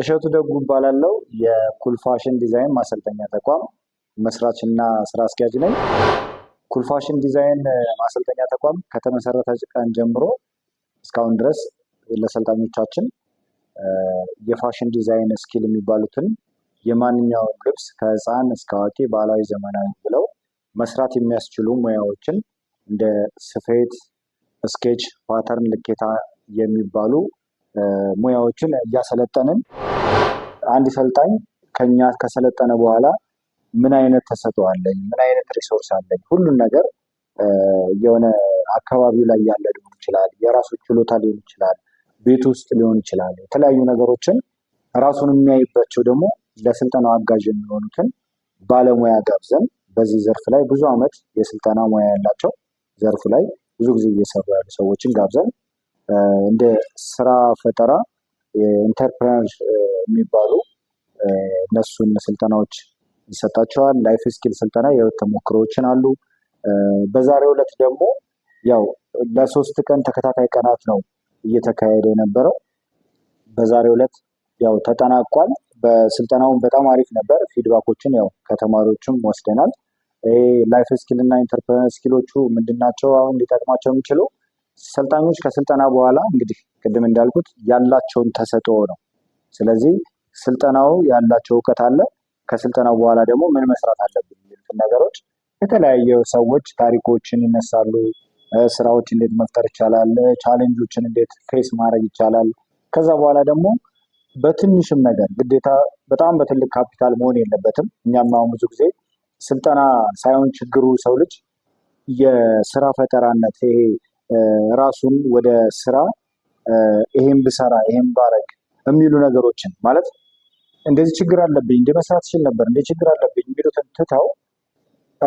እሸቱ ደጉ እባላለሁ። የኩል ፋሽን ዲዛይን ማሰልጠኛ ተቋም መስራች እና ስራ አስኪያጅ ነኝ። ኩል ፋሽን ዲዛይን ማሰልጠኛ ተቋም ከተመሰረተ ቀን ጀምሮ እስካሁን ድረስ ለሰልጣኞቻችን የፋሽን ዲዛይን ስኪል የሚባሉትን የማንኛውም ልብስ ከህፃን እስከ አዋቂ ባህላዊ፣ ዘመናዊ ብለው መስራት የሚያስችሉ ሙያዎችን እንደ ስፌት፣ ስኬች፣ ፓተርን፣ ልኬታ የሚባሉ ሙያዎችን እያሰለጠንን አንድ ሰልጣኝ ከኛ ከሰለጠነ በኋላ ምን አይነት አለኝ፣ ምን አይነት ሪሶርስ አለኝ፣ ሁሉን ነገር የሆነ አካባቢው ላይ ያለ ሊሆን ይችላል፣ የራሱ ችሎታ ሊሆን ይችላል፣ ቤት ውስጥ ሊሆን ይችላል። የተለያዩ ነገሮችን ራሱን የሚያይባቸው ደግሞ ለስልጠናው አጋዥ የሚሆኑትን ባለሙያ ጋብዘን በዚህ ዘርፍ ላይ ብዙ ዓመት የስልጠና ሙያ ያላቸው ዘርፉ ላይ ብዙ ጊዜ እየሰሩ ያሉ ሰዎችን ጋብዘን እንደ ስራ ፈጠራ ኢንተርፕረነር የሚባሉ እነሱን ስልጠናዎች ይሰጣቸዋል። ላይፍ ስኪል ስልጠና የህይወት ተሞክሮዎችን አሉ። በዛሬው ዕለት ደግሞ ያው ለሶስት ቀን ተከታታይ ቀናት ነው እየተካሄደ የነበረው። በዛሬው ዕለት ያው ተጠናቋል። በስልጠናውን በጣም አሪፍ ነበር። ፊድባኮችን ያው ከተማሪዎችም ወስደናል። ይሄ ላይፍ ስኪል እና ኢንተርፕረነር ስኪሎቹ ምንድን ናቸው? አሁን ሊጠቅማቸው የሚችለው ሰልጣኞች ከስልጠና በኋላ እንግዲህ ቅድም እንዳልኩት ያላቸውን ተሰጥኦ ነው። ስለዚህ ስልጠናው ያላቸው እውቀት አለ። ከስልጠናው በኋላ ደግሞ ምን መስራት አለብን የሚሉትን ነገሮች የተለያየ ሰዎች ታሪኮችን ይነሳሉ። ስራዎች እንዴት መፍጠር ይቻላል፣ ቻሌንጆችን እንዴት ፌስ ማድረግ ይቻላል። ከዛ በኋላ ደግሞ በትንሽም ነገር ግዴታ በጣም በትልቅ ካፒታል መሆን የለበትም። እኛም አሁን ብዙ ጊዜ ስልጠና ሳይሆን ችግሩ ሰው ልጅ የስራ ፈጠራነት ይሄ ራሱን ወደ ስራ ይሄን ብሰራ ይሄን ባረግ የሚሉ ነገሮችን ማለት እንደዚህ ችግር አለብኝ እንደ መስራት ይችል ነበር እንደ ችግር አለብኝ የሚሉትን ትተው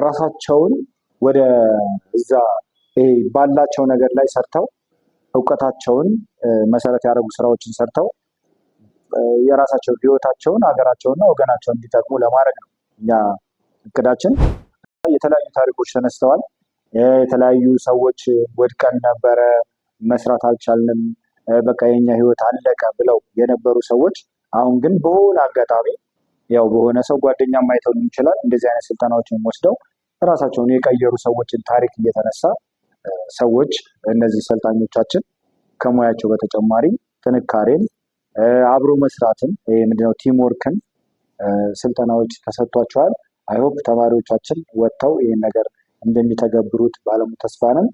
ራሳቸውን ወደ እዛ ባላቸው ነገር ላይ ሰርተው እውቀታቸውን መሰረት ያደረጉ ስራዎችን ሰርተው የራሳቸው ህይወታቸውን ሀገራቸውንና ወገናቸውን እንዲጠቅሙ ለማድረግ ነው እኛ እቅዳችን። የተለያዩ ታሪኮች ተነስተዋል። የተለያዩ ሰዎች ወድቀን ነበረ፣ መስራት አልቻልንም፣ በቃ የኛ ህይወት አለቀ ብለው የነበሩ ሰዎች አሁን ግን በሆነ አጋጣሚ ያው በሆነ ሰው ጓደኛ ማየተው ሊሆን ይችላል እንደዚህ አይነት ስልጠናዎችን ወስደው እራሳቸውን የቀየሩ ሰዎችን ታሪክ እየተነሳ ሰዎች እነዚህ ሰልጣኞቻችን ከሙያቸው በተጨማሪ ጥንካሬን፣ አብሮ መስራትን፣ ይህ ምንድነው ቲምወርክን ስልጠናዎች ተሰጥቷቸዋል። አይሆፕ ተማሪዎቻችን ወጥተው ይህን ነገር እንደሚተገብሩት ባለሙሉ ተስፋ ነን።